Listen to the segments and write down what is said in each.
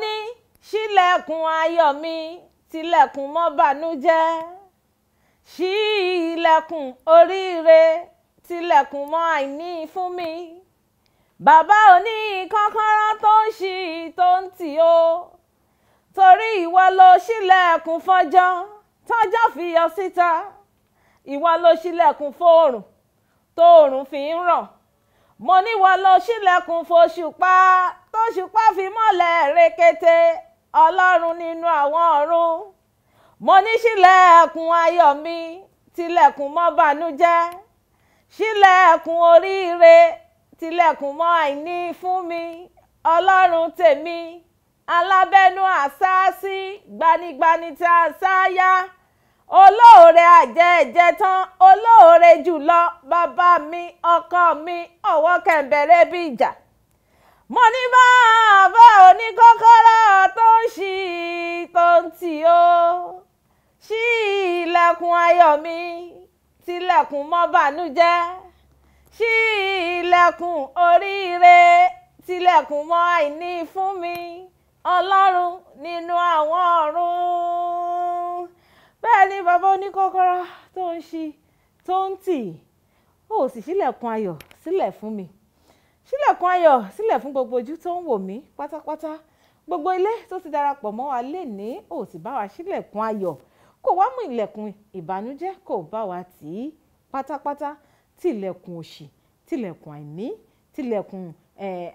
ní ṣílẹ̀kùn ayọ̀ mi tilẹ̀kùn mọ́ bànújẹ́ ṣí ilẹ̀kùn oríire tilẹ̀kùn mọ́ àìní fún mi bàbá òní kọ́kọ́rọ́ tó ń ṣí tó ń tì ó torí ìwọ ló ṣílẹ̀kùn fọjọ́ tọ́jọ́ fi yọ síta ìwọ ló ṣílẹ̀kùn fóòrùn tóòrùn fi ń ràn mo ní wọ́n lọ sílẹ̀kùn fòṣùpá tóṣùpá fi mọ́lẹ̀ rekete ọlọ́run nínú àwọn ọ̀run mo ní sílẹ̀kùn ayọ̀ mi tilẹ̀kùn mọ́ bànújẹ́ sílẹ̀kùn oríire tilẹ̀kùn mọ́ àìní fún mi ọlọ́run tèmi alábẹ́nu àsáásí gbanigbani tí a sáyà olóore àjẹjẹ tán olóore jùlọ bàbá mi ọkọ mi ọwọ́ kẹ̀ǹbẹ̀rẹ̀ bí ìjà. mo ní bàbá oníkọ́kọ́rọ́ tó ń ṣí tó ń tì ó ṣí ilẹ̀kùn ayọ̀ mi tilẹ̀kùn mọ́ bànújẹ́ ṣí ilẹ̀kùn oríire tilẹ̀kùn mọ́ àìní fún mi ọlọ́run nínú àwọn ọ̀run bẹ́ẹ̀ ni bàbá oníkọ́kọ́rọ́ tó ń ṣí tó ń tì ó sì ṣílẹ̀kùn ayọ̀ sílẹ̀ fún mi ṣílẹ̀kùn ayọ̀ sílẹ̀ fún gbogbo ojú tó ń wò mí pátápátá gbogbo ilé tó ti darapọ̀ mọ́ wa lè ní ó sì bá wa ṣílẹ̀kùn ayọ̀ kò wá mú ilẹ̀kùn ìbànújẹ́ kò bá wa tì í pátápátá tilẹ̀kùn òṣì tilẹ̀kùn àìní tilẹ̀kùn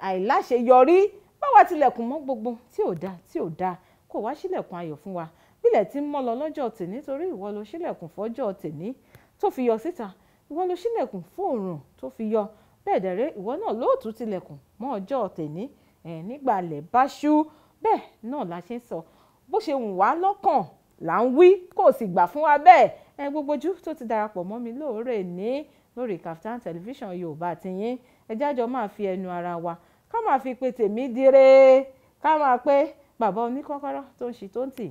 àìláṣeyọrí bá wa tilẹ̀kùn mọ́ gbogbo tí ò dáa tí ò dáa kò wá ṣílẹ̀kùn ayọ̀ fún wa bílẹ̀ ti ń mọ́ lọ lọ́jọ́ tèní torí ìwọ ló ṣílẹ̀kùn fọ́jọ́ tèní tó fi yọ síta ìwọ ló ṣílẹ̀kùn fóòrùn tó fi yọ bẹ́ẹ̀ dẹ̀rẹ́ ìwọ náà lóòtú tilẹ̀kùn mọ́ ọjọ́ tèní nígbà lẹ̀ bá ṣú bẹ́ẹ̀ náà la ṣe ń sọ bó ṣe wù wá lọ́kàn là ń wí kò sì gbà fún wa bẹ́ẹ̀ ẹ gbogbo ojú tó ti darapọ̀ mọ́ mi lóòrè ní lórí Kaftan television Yorùbá tiyín ẹ jájọ máa fi ẹnu ara wa ká máa fi pe tèmi dire ká máa pé bàbá oníkọ́kọ́rọ́ tó ń ṣí tó ń tì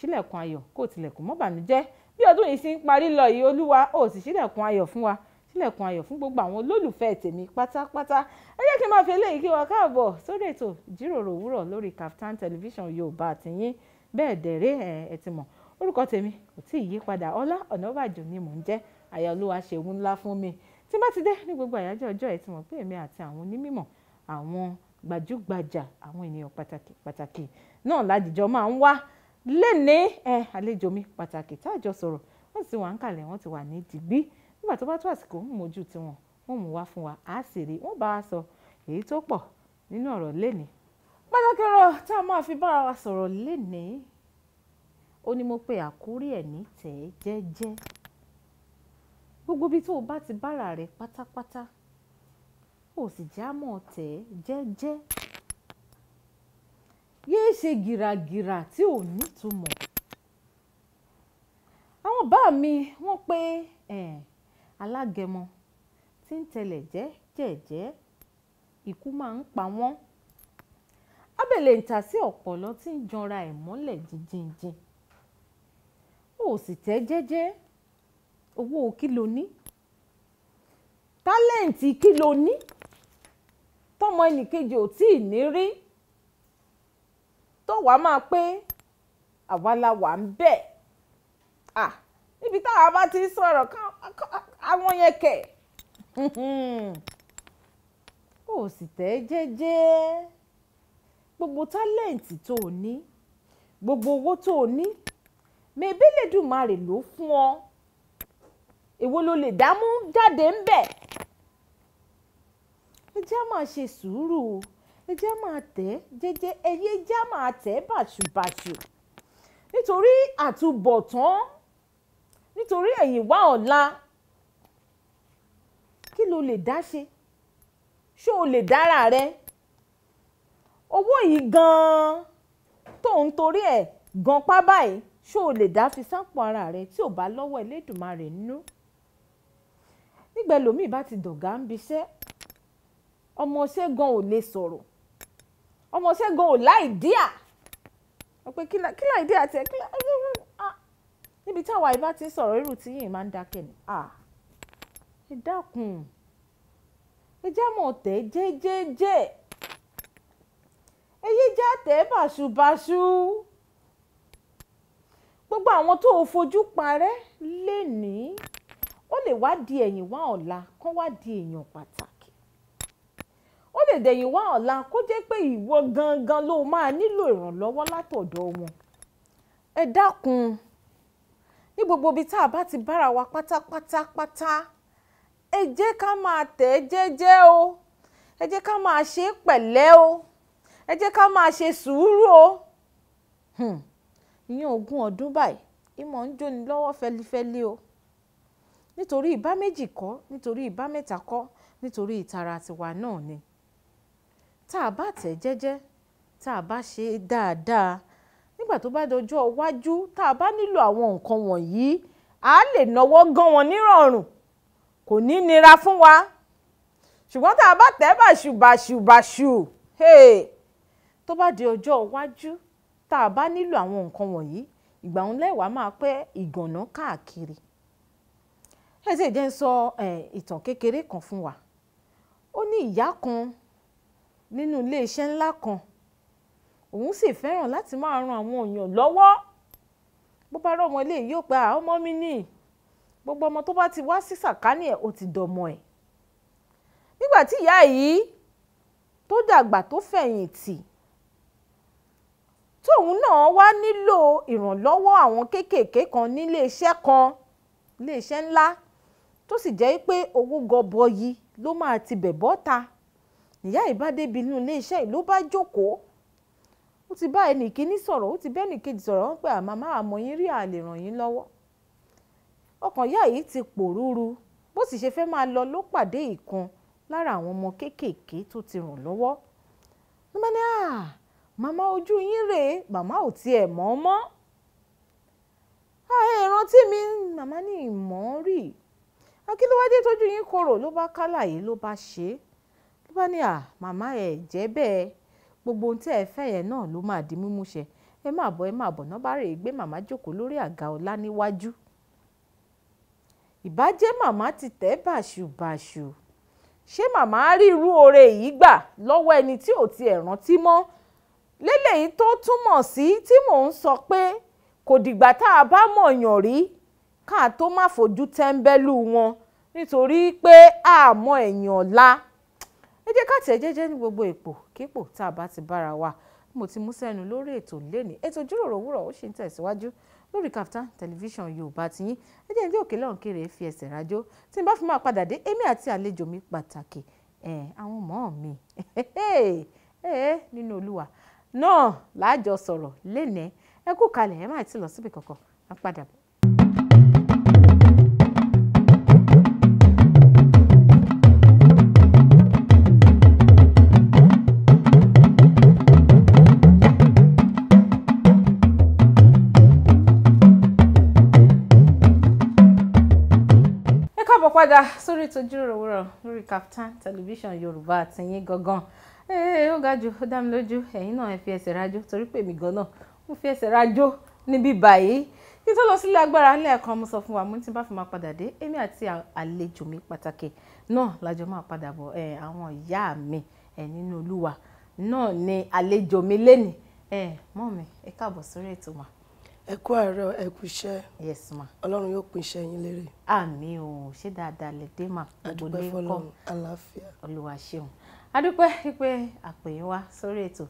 ṣílẹ̀kùn ayọ̀ kó tilẹ̀kùn mọ́ bànújẹ́ bí ọdún yìí sì ń parí lọ yìí olúwa ó sì ṣílẹ̀kùn ayọ̀ fún wa ṣílẹ̀kùn ayọ̀ fún gbogbo àwọn olólùfẹ́ tèmi pátápátá ẹ jẹ́ kí n máa fi eléyìí kí wa káàbọ̀ sórí ètò ìjíròrò òwúrọ̀ lórí Kaftan television yorùbá àtìyín bẹ́ẹ̀ dẹ̀rẹ́ ẹ̀ ti mọ̀ orúkọ tèmi kò tí ì yí padà ọlá ọ̀nàbàjò ni mò ń jẹ́ àyà olúwa ṣeun ńlá fún mi tí bá ti dé ní gbogbo àyájọ́ ọjọ́ ẹ̀ ti mọ̀ pé èmi àti àwọn onímọ̀ àwọn gbajúgbajà àwọn ènìyàn pàtàkì pàtàkì náà lájijọ́ máa ń wá léni ẹ àlejò mi pàtàkì tá a jọ sọ̀rọ̀ wọ́n ti wà ń kalẹ̀ wọ́n ti wà ní dìgbí nígbà tó bá tó àsìkò ń mójú tiwọn wọ́n mú wá fún wa á sì rí wọ́n bá wa sọ èyí tó pọ̀ nínú ọ̀rọ̀ léni. pàtàkì ọ̀rọ̀ tá a máa fi bára wa sọ̀rọ̀ léni ó ní mo pe àkórí ẹ̀ ní tẹ̀ jẹ́jẹ́ gbogbo ibi tó o bá ti bára rẹ pátápátá o sì já mọ́ tẹ̀ jẹ́jẹ́ ṣe gìràgìrà tí ò nítumọ̀ àwọn bá mi wọ́n pé alágẹmọ tí ń tẹlẹ̀ jẹ́ jẹ́ẹ̀jẹ́ ikú máa ń pa wọ́n abẹ́lẹ̀ ìta sí ọ̀pọ̀lọ́ tí ń janra ẹ̀ mọ́lẹ̀ jíjìnjìn ó sì tẹ́ jẹ́jẹ́ owó kí lo ní tálẹ́ǹtì kí lo ní tọmọ ẹnìkejì ò tí ní rí tó wàá máa pé àwa la wà ń bẹ̀ à níbi táwa bá ti sọ̀rọ̀ kan àwọn yẹn kẹ̀ ó sì tẹ́ jẹ́jẹ́ gbogbo tálẹ̀ǹtì tó o ní gbogbo owó tó o ní mebélédùmarè ló fún ọ èwo ló lè dámú jáde ń bẹ̀ ẹ jẹ́ máa ṣe sùúrù o ẹ já máa tẹ̀ jẹ́jẹ́ ẹyẹ já máa tẹ̀ bàṣùbàṣù nítorí àtúbọ̀tán nítorí ẹ̀yìn wá ọ̀la kí lo lè dá ṣe ṣó o lè dára rẹ owó yìí gan-an tó ń torí ẹ̀ gan pa báyìí ṣó o lè dá fi sápò ara rẹ tí ò bá lọ́wọ́ Ẹlẹ́dùmarè nínú nígbà ẹlòmíì bá ti dọ̀gá ń biṣẹ́ ọmọọṣẹ́ gan ò lè sọ̀rọ̀ ọmọ Ṣẹ́gun ò láì díà wọ́n pé kí láì díà tiẹ̀ kí láì díà ah. níbi táwa ìbá ti ń sọ̀rọ̀ irú tí yìí máa ń dákẹ́ ni ah. ẹ dákun ẹ já mọ̀ tẹ́ jẹ́jẹ́jẹ́ èyí já tẹ́ báṣubàṣu gbogbo àwọn tó o fojú parẹ́ lè ní ó lè wá di ẹ̀yìn wá ọ̀la kán wá di èèyàn pàtàkì lè dẹ̀yìn wá ọ̀la kó jẹ́ pé ìwọ gangan ló máa nílò ìrànlọ́wọ́ látọ̀dọ̀ wọn ẹ dákun ní gbogbo ibi tá a bá ti bára wa pátápátápátá ẹ jẹ́ ká máa tẹ̀ ẹ́ jẹ́jẹ́ o ẹ jẹ́ ká máa ṣe pẹ̀lẹ́ o ẹ jẹ́ ká máa ṣe sùúrù o hmm, ìyẹn ogún ọdún báyìí ìmọ̀ ń jóni lọ́wọ́ fẹlifẹli o nítorí ìbá méjì kọ́ nítorí ìbá mẹ́ta kọ́ nítorí ìtara tiwa náà ni tá a bá tẹ̀ jẹ́jẹ́ tá a bá ṣe dáadáa nígbà tó bá dọjọ́ iwájú tá a bá nílò àwọn nǹkan wọ̀nyí a lè náwó gan wọn nírọ̀rùn kò ní nira fún wa ṣùgbọ́n tá a bá tẹ̀ bàṣùbàṣùbàṣù tó bá di ọjọ́ iwájú tá a bá nílò àwọn nǹkan wọ̀nyí ìgbà òun lẹ́wàá máa pẹ́ ìgànná káàkiri ẹ sì jẹ́ ń sọ ìtàn kékeré kan fún wa ó ní ìyá kan nínú iléeṣẹ́ ńlá kan òun sì fẹ́ràn láti máa ran àwọn èèyàn lọ́wọ́ bó bá rọ ọmọ ilé yìí yóò pa ọmọ mi ní gbogbo ọmọ tó bá ti wá sí sàkání ẹ̀ ó ti dọ̀mọ̀ ẹ̀ nígbà tí ìyá yìí tó dàgbà tó fẹ̀yìntì tóun náà wá nílò ìrànlọ́wọ́ àwọn kéékèèké kan níléeṣẹ́ kan iléeṣẹ́ ńlá tó sì jẹ́ pé owó gọbọyì ló máa ti bẹ̀ bọ́ta níyà ìbá débi inú ilé iṣẹ́ ìlú bá jókòó ó ti bá ẹnì kíní sọ̀rọ̀ ó ti bá ẹnì kejì sọ̀rọ̀ wọ́n pé àmọ́ máa mọ yín rí àlè ràn yín lọ́wọ́ ọkàn ìyá yìí ti pòrúurú bó sì ṣe fẹ́ máa lọ ló pàdé ìkan lára àwọn ọmọ kéékèèké tó ti ràn lọ́wọ́ ló máa ní à màmá ojú yín rèé màmá ò tiẹ̀ mọ̀ mọ́ ìrántí mi màmá ní ìmọ̀ rí akíndéwádé tójú yín korò ló bá kálàyé ló bá ṣe é ló bá ní à màmá ẹ̀ jẹ́ bẹ́ẹ̀ gbogbo ohun tí ẹ fẹ́ yẹn náà ló máa di mímú ṣẹ ẹ máa bọ̀ ẹ máa bọ̀ náà bá rè é gbé màmá jókòó lórí àga ọlá níwájú ìbàjẹ́ màmá ti tẹ̀ bàṣubàṣu ṣé màmá rí irú oore yìí gbà lọ́wọ́ ẹni tí ò tiẹ̀ rántí mọ́ lélẹ́yìí tó túmọ̀ sí tí mò ń sọ pé kò dìgbà tá a bá mọ̀yàn rí ká tó má fojú tẹ́ńbẹ́lú wọn nítorí pé àmọ́ ẹ̀yìn ọ̀la ẹ jẹ́ ká tẹ̀ jẹ́jẹ́ ní gbogbo ipò kípò tá a bá ti bára wa mo ti mú sẹ́nu lórí ètò lẹ́ni ètò ìjíròrò òwúrọ̀ ó sì ń tẹ̀síwájú lórí Kaftan television yorùbá tiyín ẹ jẹ́ ní òkè lọ́hùn kéré fi ẹsẹ̀ rájó tí n bá fi máa padà dé èmi àti àlejò mi pàtàkì ẹ̀ àwọn ọmọ mi nínú olúwa náà láàjọ sọ̀rọ̀ lẹ́nẹ̀ẹ́ ẹ kú kalẹ̀ ẹ má ti lọ síbi kankan á padà bọ̀. padà sórí ètò ìjíròrò òwúrọ̀ lórí Kaftan television yorùbá àtẹ̀yìn gangan ó ga jù ó dá mi lójú ẹ̀yin náà ẹ fi ẹsẹ̀ rájò torí pé èmi gan náà mo fi ẹsẹ̀ rájò níbí báyìí kí tó lọ sílé agbára lẹ́ẹ̀kan mo sọ fún wa mo ti bá fi máa padà dé èmi àti àlejò mi pàtàkì náà lájọ máa padà bọ̀ àwọn ìyá mi nínú olúwa náà ni àlejò mi lénìí mọ́ mi ẹ káàbọ̀ sórí ètò wa ẹ kú àárọ̀ ẹ kú iṣẹ́ yes ma ọlọ́run yóò pín iṣẹ́ yín lérè. àmín o ṣé dáadáa lè dé mà gbogbo lè kọ àlàáfíà olúwa ṣeun adúpẹ́ pípé àpèyìn wá sórí ètò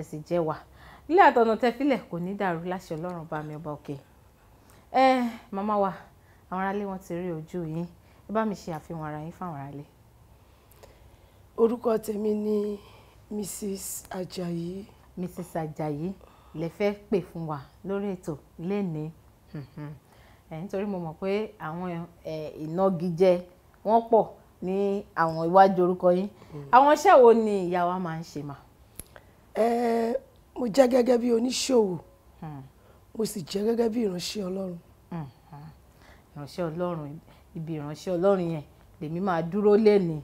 ẹ̀sìn jẹ́ wa ilé àtọ̀nà tẹ́fílẹ̀ kò ní dàrú láṣẹ ọlọ́run bá mi ọba òkè ẹ màmá wa àwọn aráalé wọn ti rí ojú yín ẹ bá mi ṣe àfihàn ara yín fáwọn aráalé. orúkọ tèmi ni mrs ajayi. mrs ajayi lè fẹ́ pè fún wa lórí ètò lénìí mm-hmm. nítorí mo mọ̀ pé àwọn ìnagijẹ wọ́n pọ̀ ní àwọn iwájú orúkọ yín mm. àwọn iṣẹ́ wo ni ìyá wa máa ń ṣe mà. mo jẹ́ gẹ́gẹ́ bí oníṣòwò hmm. mo sì jẹ́ gẹ́gẹ́ bí ìránṣẹ́ ọlọ́run. Hmm. ìránṣẹ́ ọlọ́run ibi ìránṣẹ́ ọlọ́run yẹn lèmi máa dúró lénìí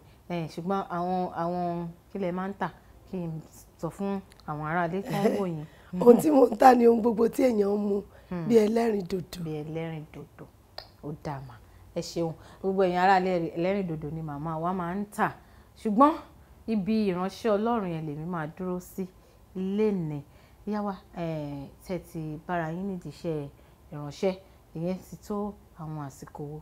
ṣùgbọ́n àwọn àwọn kílẹ̀ máa ń tà kí n sọ fún àwọn aráalé tí wò yín ohun tí mo ń tà ní ohun gbogbo tí èèyàn ń mu hmm. bí ẹlẹ́rìn dòdò. bí ẹlẹ́rìn dòdò ó dáa mà ẹ ṣeun gbogbo èèyàn ará ẹlẹ́rìn dòdò ni màmá wa máa ń tà ṣùgbọ́n ibi ìránṣẹ́ ọlọ́run yẹn lèmi máa dúró sí lénìí ìyá wa tẹ̀ ti bára yín nídìí iṣẹ́ ìránṣẹ́ ìyẹn ti tó àwọn àsìkò wo.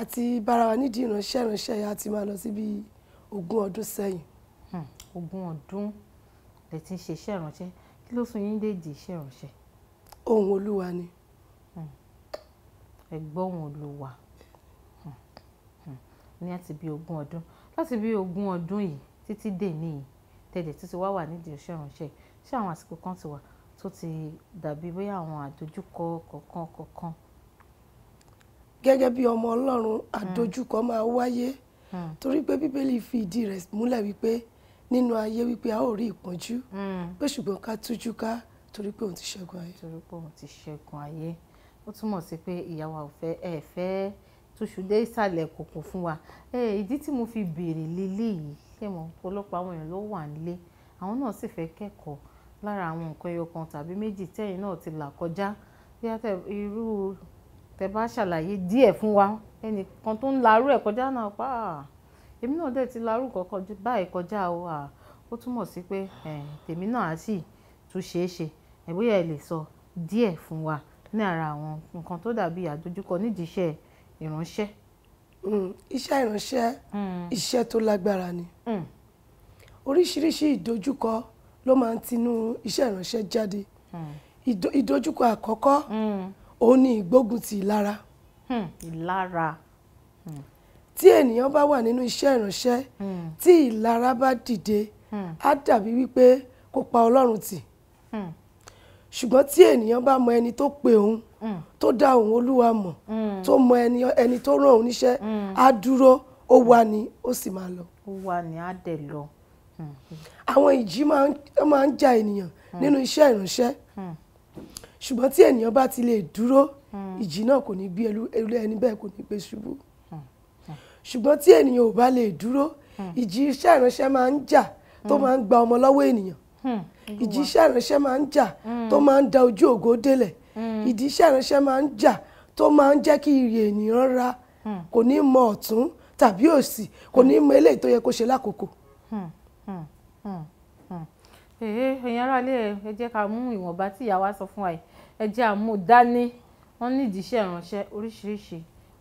àti hmm. bára wa nídìí ìránṣẹ́ ìránṣẹ́ yẹn a ti máa lọ sí bíi ogún ọdún sẹ́yìn. Hmm. ogún ọdún lè ti ń ṣe iṣẹ́ ìránṣẹ́ kí ló sún yín dédìí iṣẹ́ ìránṣẹ́. ohun olúwa ni. Hmm. ẹgbọ́n ohun olúwa hmm. Hmm. ní àti bí ogún ọdún láti bí ogún ọdún yìí títí dèní yìí tẹ̀lé títí wá wà nídìí iṣẹ́ ìránṣẹ́ ṣé àwọn àsìkò kan ti wà tó ti dàbí bóyá àwọn àdójúkọ kọ̀ọ̀kan kọ̀ọ̀kan. gẹ́gẹ́ bí ọmọ ọlọ́run àdójúkọ máa wáyé torí pé bíbélì fi ìdí rẹ̀ múlẹ̀ wípé. Mm nínú ayé wípé a ó rí ìpọ́njú hmm. pé ṣùgbọ́n ká tújú ká torí pé òun ti ṣẹ́gun ayé. torí pé òun ti ṣẹ́gun ayé ó túmọ̀ sí pé ìyàwó àwòfẹ́ ẹ fẹ́ túṣu dé ìsàlẹ̀ kòkò fún wa ìdí tí mo fi béèrè lélẹ̀ yìí ṣẹ̀mọ̀ ọ̀pọ̀lọpọ̀ àwọn èèyàn ló wà nílé àwọn náà sì fẹ́ kẹ́kọ̀ọ́ lára àwọn nǹkan ẹyọ kan tàbí méjì tẹ́yìn náà ti là kọjá bí irú tẹ bá ṣàlàyé díẹ̀ fún wa ẹnìkan tó ń larú ẹ̀ kọjá náà pàà èmi náà dẹ̀ ti larúkọ kọjá báyìí kọjá o à ó túmọ̀ sí pé tèmi náà á sì tún ṣeé ṣe ẹ̀bóyà ẹ lè sọ díẹ̀ fún wa ní ara àwọn nǹkan tó dàbí àdójúkọ nídìí iṣẹ́ ìránṣẹ́. Hmm, iṣẹ́ ìránṣẹ́ hmm. iṣẹ́ tó lágbára ni hmm. oríṣiríṣi ìdojúkọ ló máa ń tinú iṣẹ́ ìránṣẹ́ jáde ìdojúkọ àkọ́kọ́ òun ni ìgbógun ìlara. ìlara tí ènìyàn bá wà nínú iṣẹ́ ìránṣẹ́ hmm. tí ìlara bá dìde hmm. á dàbí wípé kó pa ọlọ́run tì hmm. ṣùgbọ́n tí ènìyàn bá mọ ẹni tó pe òun tó dá òun olúwa mọ̀ tó mọ ẹni tó rán òun níṣẹ́ á dúró ó wà ní ó sì máa lọ. ó wà ní á dẹ̀ lọ. àwọn ìjì máa ń ja ènìyàn nínú iṣẹ́ ìránṣẹ́ ṣùgbọ́n tí ènìyàn bá ti lè dúró ìjì náà kò ní gbé ẹni bẹ́ẹ̀ kò ní gbé ṣubú ṣùgbọ́n tí ènìyàn ò bá lè dúró hmm. ìjì iṣẹ́ ìránṣẹ́ máa ń jà tó hmm. máa ń gba ọmọ lọ́wọ́ ènìyàn hmm. ìjì iṣẹ́ ìránṣẹ́ máa ń jà tó máa ń da ojú ògo délẹ̀ ìdí iṣẹ́ ìránṣẹ́ máa ń jà tó máa ń jẹ́ kí iyì ènìyàn ra kò ní mọ ọ̀tún tàbí òsì kò ní mọ eléyìí tó yẹ kó ṣe lákòókò. èèyàn aráalé ẹ jẹ́ ká mú ìwọ̀nba tí ìyá sọ fún wa yìí ẹ jẹ́ àmú dání wọ́n ní ìdí iṣẹ́ ìránṣẹ́ oríṣiríṣi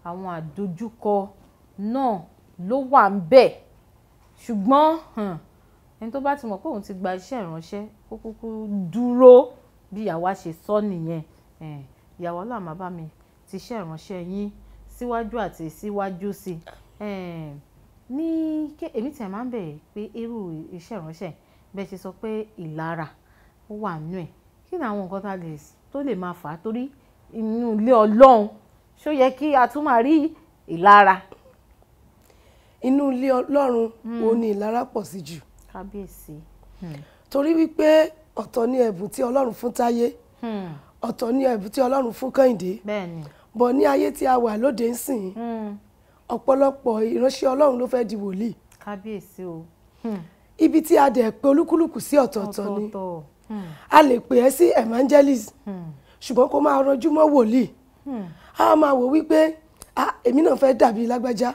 àwọn àdojúkọ náà ló wà ń bẹ̀ ṣùgbọ́n ẹni tó bá ti mọ̀ pé òun ti gba iṣẹ́ ìránṣẹ́ kó kúkú dúró bí ìyàwó ṣe sọ nìyẹn ìyàwó làmà bá mi ti iṣẹ́ ìránṣẹ́ yín síwájú àti síwájú sí i ní èmi tẹ̀ máa ń bẹ̀rẹ̀ pé irú iṣẹ́ ìránṣẹ́ bẹ́ẹ̀ ṣe sọ pé ìlara ó wà nínú ẹ̀ kí ni àwọn nǹkan tá a lè tó lè máa fà á torí inú ilé ọlọ́run ṣó yẹ kí a tún máa rí ìlara inú ilé ọlọ́run hmm. òun ni ìlara pọ̀ sí jù. kábíyèsí. Hmm. torí wípé ọ̀tọ̀ ni ẹ̀bùn tí ọlọ́run fún táyé hmm. ọ̀tọ̀ ni ẹ̀bùn tí ọlọ́run fún kẹ́hìndé bọ̀ ní ayé tí a wà lóde ń ọ̀pọ̀lọpọ̀ ìránṣẹ́ ọlọ́run ló fẹ́ di wòlíì. kábíyèsí o. ibi tí a dẹ̀ pè olúkúlùkù sí ọ̀tọ̀ọ̀tọ̀ ni a lè pè ẹ́ sí evangelist ṣùgbọ́n kó máa rọjú mọ́ wòlíì a máa wò wípé ah, èmi náà fẹ́ dàbí lágbájá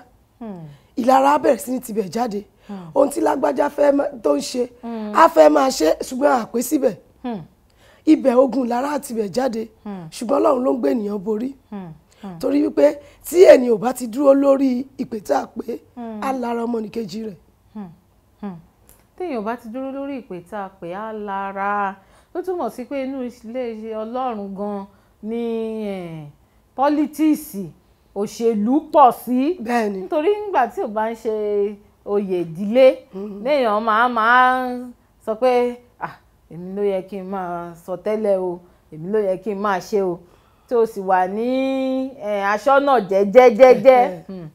ìlara bẹ̀rẹ̀ sí ní tibẹ̀ jáde hmm. ohun tí lágbájá fẹ́ tó ń ṣe hmm. á fẹ́ máa ṣe ṣùgbọ́n àpé síbẹ̀ hmm. ibẹ̀ ogun lára àtibẹ̀ jáde ṣùgbọ́n ọlọ́run ló ń gbé ènìyàn borí torí wípé tí ènìyàn ò bá ti dúró lórí ìpè tá a pè á lára ọmọnìkejì rẹ̀. téèyàn bá ti dúró lórí ìpè tá a pè á lára ló túmọ̀ sí pé inú ilé ọlọ́run gan-an ni eh, pọ́lítíìsì òṣèlú pọ̀ sí nítorí nígbà tí ò bá ń ṣe oyè ìdílé mm-hmm. léèyàn máa máa sọ pé ah èmi ló yẹ kí n máa sọ tẹ́lẹ̀ o èmi ló yẹ kí n máa ṣe o tí o sì wà ní aṣọ́nà jẹ́jẹ́jẹ́jẹ́ hmm,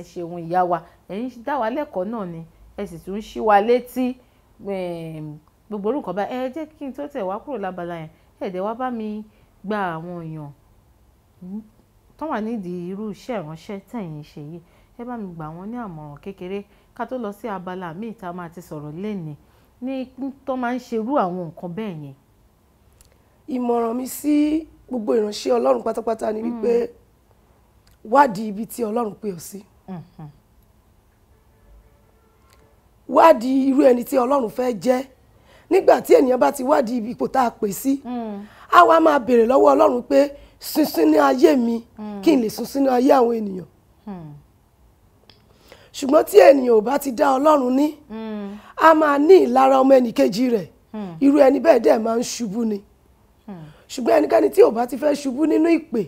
ẹ ṣeun ìyá wa ẹ̀yin dá wa lẹ́kọ̀ọ́ náà ni ẹ sì tún ṣí wa létí ehm, gbogbo orúkọ bá ẹ jẹ́ kí n tó tẹ̀ wá kúrò lábala yẹn ẹ dẹ̀ wá bá mi gba àwọn èèyàn hmm tó wà nídìí irú iṣẹ́ ìránṣẹ́ tẹ̀yìn ṣe yìí ẹ bá mi gbà wọ́n ní àmọ̀ràn kékeré ká tó lọ sí abala míì tá a máa ti sọ̀rọ̀ lẹ́nìí ní tó máa ń ṣerú àwọn nǹkan bẹ́ẹ̀ yẹn. ìmọ̀ràn mi sí gbogbo ìránṣẹ́ ọlọ́run pátápátá ni wípé hmm. wádìí ibi tí ọlọ́run pè ọ́ sí wádìí irú ẹni tí ọlọ́run fẹ́ jẹ́ nígbà tí ènìyàn bá ti wádìí ibi ipò tá a pè sí hmm. a wá máa béèrè lọ́wọ́ ọlọ́run pé sinsin ní ayé mi hmm. kí n lè sinsin ní ayé àwọn ènìyàn hmm. ṣùgbọ́n tí ènìyàn ò bá ti dá ọlọ́run ní hmm. a máa ní ìlara ọmọ ẹnìkejì rẹ̀ irú ẹni bẹ́ẹ̀ dẹ̀ máa ń ṣubú ni ṣùgbọ́n ẹnikẹ́ni tí ò bá ti fẹ́ ṣubú nínú ìpè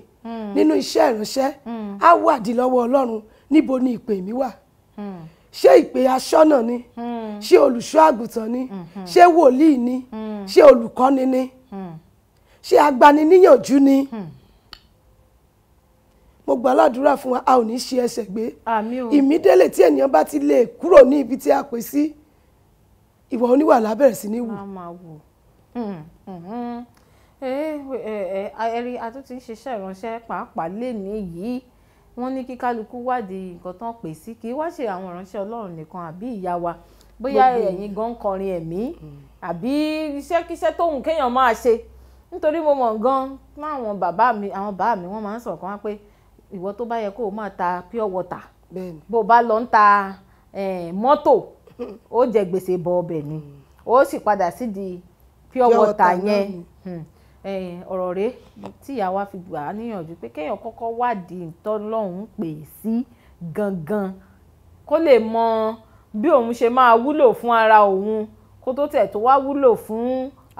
nínú iṣẹ́ ìránṣẹ́ á wádìí lọ́wọ́ ọlọ́run níbo ni ìpè mi wà ṣé ìpè aṣọ́nà ni ṣé olùṣọ́ àgùntàn ni ṣé wòlíì ni ṣé olùkọ́ni ni ṣé agbaniníyànjú ni ó gba aládùúrà fún wa a ò ní ṣe ẹsẹ̀ gbé ìmídélé tí ènìyàn bá ti lè kúrò ní ibi tí a pè sí ìwà oníwà lábẹ̀rẹ̀ sí ní wù. Hmm, hmm, hmm. eh, eh, eh, ẹ̀rí àtúntí ń ṣiṣẹ́ ìránṣẹ́ pàápàá lẹ́ni yìí wọ́n ní kí kálukú wádìí nǹkan tán pè sí kí wá ṣe àwọn ìránṣẹ́ ọlọ́run nìkan àbí ìyá wa bóyá ẹ̀yin gan kọrin ẹ̀mí àbí iṣẹ́kíṣẹ́ tóhùn kéèyàn máa ṣe nítorí mo mọ̀ gan láwọn bàbá mi àwọn bàbá mi wọ́n máa ń sọ̀kan wá pé ìwọ tó bá yẹ kó o máa ta pure water bó o bá lọ ń ta mọ́tò ó jẹ gbèsè bọ ọbẹ̀ ni mm. ó sì padà sídìí pure water yẹn hmm. ọ̀rọ̀ rẹ tí ìyàwó fi gbà á níyànjú pé kéèyàn kọ́kọ́ wádìí tọ́lọ́hún pè sí gangan kó lè mọ bí òun ṣe máa wúlò fún ara òun kó tó tẹ̀ tó wá wúlò fún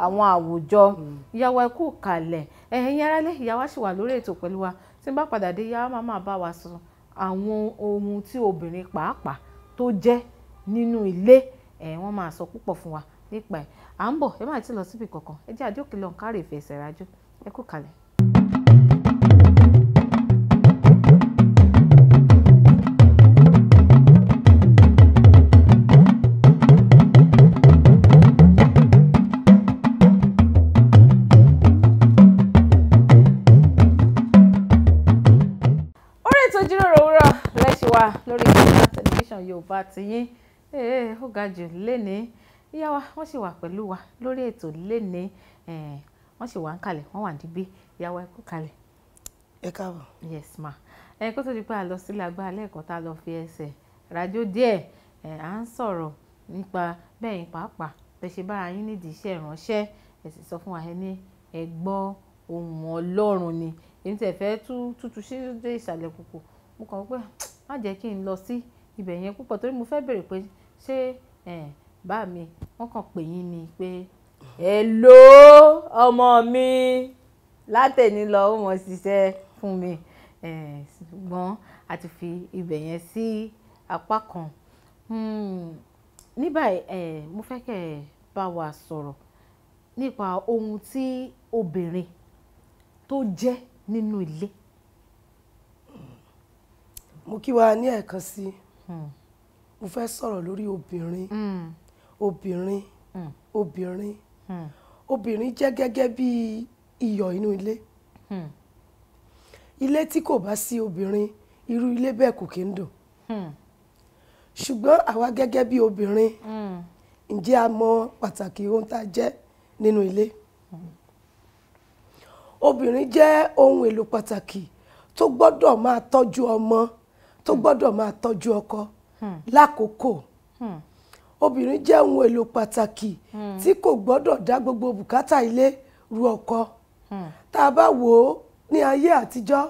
àwọn àwùjọ mm. ìyàwó ẹ kalẹ̀ ẹ̀yin aráalé ìyàwó sì wà lórí ètò pẹ̀lú wa tí n bá padà dé yá máa máa bá wa sọ àwọn ohun tí obìnrin pàápàá tó jẹ́ nínú ilé ẹ̀ wọ́n máa sọ púpọ̀ fún wa nípa ẹ̀ à ń bọ̀ ẹ má ti lọ síbi kankan ẹ jẹ́ àjókè lọ́nkárì ìfẹsẹ̀rájú ẹ kú kalẹ̀. yorùbá ti yín ó ga jù lénìí ìyá wa wọ́n sì wà pẹ̀lú wa lórí ètò lénìí wọ́n sì wà ń kalẹ̀ wọ́n wà níbí ìyá wa ẹ kalẹ̀. ẹ káàbọ̀. yes ma ẹ kó tó di pé a lọ sílé agbára lẹ́ẹ̀kan tá a lọ fi ẹsẹ̀ rájò díẹ̀ à ń sọ̀rọ̀ nípa bẹ́yìn pàápàá bẹ́ẹ̀ ṣe bára yín nídìí iṣẹ́ ìránṣẹ́ ẹ sì sọ fún wa ẹ ẹ gbọ́ ohùn ọlọ́run ni èmi tẹ̀ fẹ́ tútù sí ìsàlẹ̀ kòkò mo kàn wọ́n pé má jẹ́ kí n lọ sí ibẹ̀ yẹn púpọ̀ torí mo fẹ́ bèrè pé ṣé bá mi wọ́n kàn pè yín ni pé hello ọmọ mi látẹ̀ni lọ ó mọ̀ ṣiṣẹ́ fún mi ṣùgbọ́n a ti fi ibẹ̀ yẹn sí apá kan hmm, ní báyìí mo fẹ́ kẹ́ ẹ bá wa sọ̀rọ̀ nípa ohun tí obìnrin tó jẹ́ nínú ilé. mo kí wa ní ẹ̀ẹ̀kan sí i Hmm. mo fẹ́ sọ̀rọ̀ lórí obìnrin hmm. obìnrin hmm. obìnrin obìnrin jẹ́ gẹ́gẹ́ bí iyọ̀ inú ilé ilé tí kò bá sí obìnrin irú ilé bẹ́ẹ̀ kò kí ń dùn ṣùgbọ́n àwa gẹ́gẹ́ bí obìnrin ǹjẹ́ a mọ pàtàkì ohun tá a jẹ́ nínú ilé obìnrin jẹ́ ohun èlò pàtàkì tó gbọ́dọ̀ máa tọ́jú ọmọ. Hmm tó gbọ́dọ̀ máa tọ́jú ọkọ hmm. lákòókò hmm. obìnrin jẹ́ ohun èlò pàtàkì hmm. tí kò gbọ́dọ̀ dá gbogbo bùkátà ilé ru ọkọ tá a bá wò ó ní ayé àtijọ́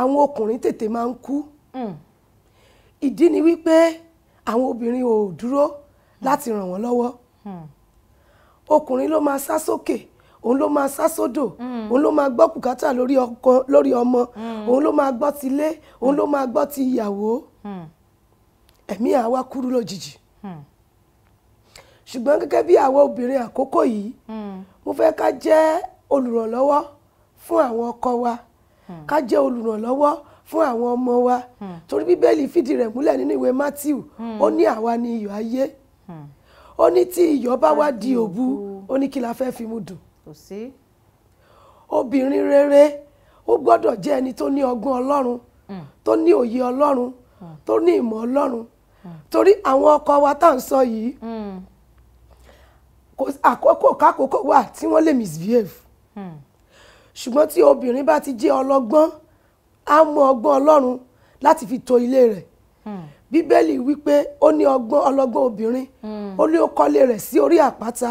àwọn ọkùnrin tètè máa ń kú ìdí ni wípé àwọn obìnrin ò dúró láti ràn wọ́n lọ́wọ́ ọkùnrin ló máa sá sókè òun ló máa sá sódò mm. òun ló máa gbọ́ bùkátà lórí ọkọ lórí ọmọ mm. òun ló máa gbọ́ ti ilé òun ló mm. máa gbọ́ ti ìyàwó ẹ̀mí àwa kúrú lójijì ṣùgbọ́n gẹ́gẹ́ bí àwọn obìnrin àkókò yìí mo fẹ́ ká jẹ́ olùrànlọ́wọ́ fún àwọn ọkọ wa ká jẹ́ olùrànlọ́wọ́ fún àwọn ọmọ wa torí bíbélì fìdí rẹ̀ múlẹ̀ nínú ìwé Mátíù ó ní àwa ni iyọ̀ ayé ó ní tí iyọ̀ bá wá di òbu ó ní kí la fẹ́ fi mu dùn kò sí. obìnrin rere ó gbọ́dọ̀ jẹ́ ẹni tó ní ọgbọ́n ọlọ́run hmm. tó ní òye ọlọ́run hmm. tó ní ìmọ̀ ọlọ́run hmm. torí àwọn ọkọ wa tá à ń sọ yìí àkókò kákòókò wà tí wọ́n lè misbehave ṣùgbọ́n tí obìnrin bá ti jẹ́ ọlọ́gbọ́n á mọ ọgbọ́n ọlọ́run láti fi tọ́ ilé rẹ̀ bíbélì wípé ó ní ọgbọ́n ọlọ́gbọ́n obìnrin ó ní ó kọ́lé rẹ̀ sí orí àpáta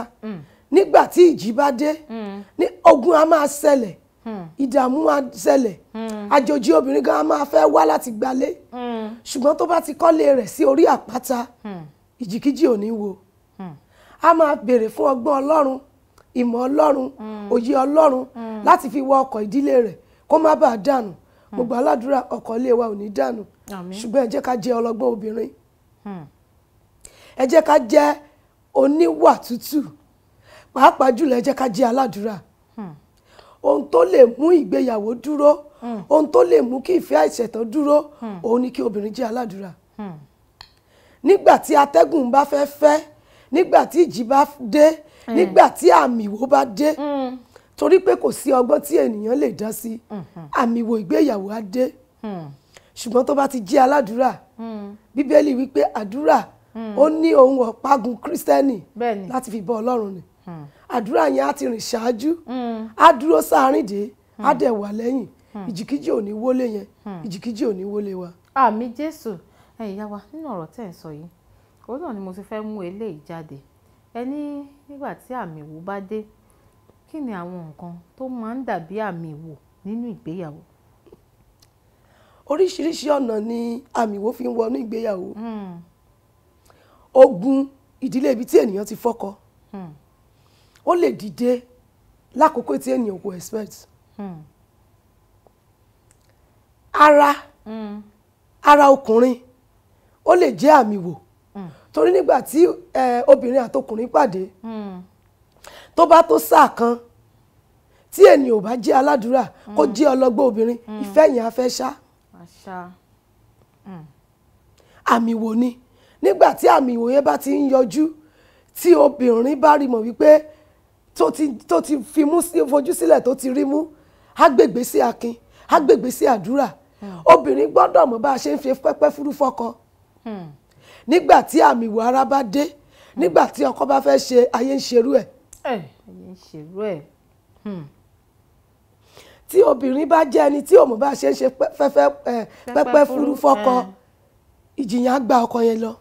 nígbà tí ìjì bá dé hmm. ní ogun a máa ṣẹlẹ̀ hmm. ìdààmú á ṣẹlẹ̀ hmm. àjòjì obìnrin gan a máa fẹ́ wá láti gbalé ṣùgbọ́n tó bá ti kọ́lé rẹ̀ sí orí àpáta ìjìkíjì ò ní wo a máa béèrè fún ọgbọ́n ọlọ́run ìmọ̀ ọlọ́run òye ọlọ́run láti fi wọ ọkọ̀ ìdílé rẹ̀ kó má bàa dànù mo gbà ọkọ̀ ilé wa ò ní dànù ṣùgbọ́n ẹ jẹ́ ká jẹ́ ọlọ́gbọ́n obìnrin ẹ jẹ́ ká jẹ́ oníwà tútù pàápàá jùlọ ẹ jẹ́ ká jẹ́ aládùúrà hmm. ohun tó lè mú ìgbéyàwó dúró hmm. ohun tó lè mú kí ìfẹ́ àìṣẹ̀tàn dúró hmm. òun ni kí obìnrin jẹ́ aládùúrà nígbà tí atẹ́gùn bá fẹ́ fẹ́ nígbà tí ìjì bá dé nígbà tí àmìwò bá dé torí pé kò sí ọgbọ́n tí ènìyàn lè dá sí àmìwò ìgbéyàwó á dé ṣùgbọ́n tó bá ti jẹ́ aládùúrà bíbélì wípé àdúrà ó ní ohun ọ̀págun kírísítẹ́nì láti fi bọ́ ọlọ́run ni àdúrà yẹn á ti rìn ṣáájú hmm. á dúró sáárín dé hmm. á dẹ̀ wà lẹ́yìn hmm. ìjìkíjì ò ní wọlé yẹn ìjìkíjì ò ní wọlé wa. àmì jésù ẹ̀yin ìyá wa nínú ọ̀rọ̀ tẹ́ ẹ̀ sọ yìí òun náà ni mo ti fẹ́ mú eléyìí jáde ẹ ní nígbà tí àmì ìwò bá dé kí ni àwọn nǹkan tó máa ń dàbí àmì ìwò nínú ìgbéyàwó. oríṣiríṣi ọ̀nà ni àmì ìwò fi ń wọnú ìgbéyàwó ogun ìdílé ibi tí ènìyàn ti fọ́kọ. Mm ó lè dìde lákòókò tí ènìyàn kò expect hmm. ara hmm. ara ọkùnrin ó lè jẹ́ àmì wò hmm. torí nígbà tí obìnrin àtọkùnrin pàdé tó bá tó sáà kan tí ènìyàn ò bá jẹ́ aládùúrà kó jẹ́ ọlọ́gbọ́n obìnrin ìfẹ́ yẹn á fẹ́ ṣá àmì wò ni nígbà tí àmì ìwò yẹn bá ti ń yọjú tí obìnrin bá rí mọ̀ wípé tó ti tó ti fi mú sí fojú sílẹ̀ tó ti rí mú agbègbè sí akin agbègbè sí àdúrà hmm. obìnrin gbọ́dọ̀ mọ̀ bá a ṣe ń fi pẹ́pẹ́ fúrú fọ́kọ hmm. nígbà tí àmì ìwà ara bá dé hmm. nígbà tí ọkọ bá fẹ́ ṣe ayé ń ṣerú ẹ̀. Eh, ayé ń ṣerú ẹ̀. tí obìnrin bá jẹ́ ẹni tí òmò bá ṣe ń ṣe eh, pẹ́pẹ́ fúrú fọ́kọ eh. ìjìyàn á gba ọkọ yẹn lọ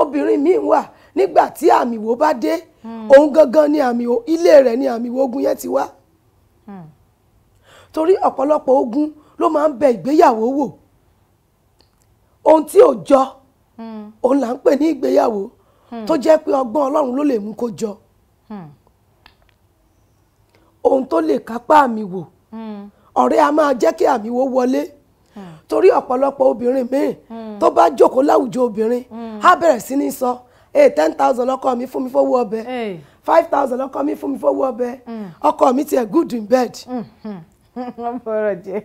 obìnrin míì wà nígbà tí àmì wo bá dé hmm. òun gangan ni àmì wo ilé rẹ̀ ni àmì wo ogun yẹn ti wá hmm. torí ọ̀pọ̀lọpọ̀ ogun ló máa ń bẹ ìgbéyàwó wò ohun tí ò jọ hmm. òun là ń pè ní ìgbéyàwó tó jẹ́ pé ọgbọ́n Ọlọ́run ló lè mú kó jọ ohun tó lè kápá àmì ọ̀rẹ́ a máa jẹ́ kí àmì wọlé torí ọ̀pọ̀lọpọ̀ obìnrin míì tó bá jókòó láwùjọ obìnrin á bẹ̀rẹ̀ sí ní sọ ee ten thousand ọkọ mi fún mi fowó ọbẹ̀ five thousand ọkọ mi fún mi fowó ọbẹ̀ mm. ọkọ mi tiẹ̀ good in bed. Mm-hmm. wọ́n bọ̀rọ̀ jẹ́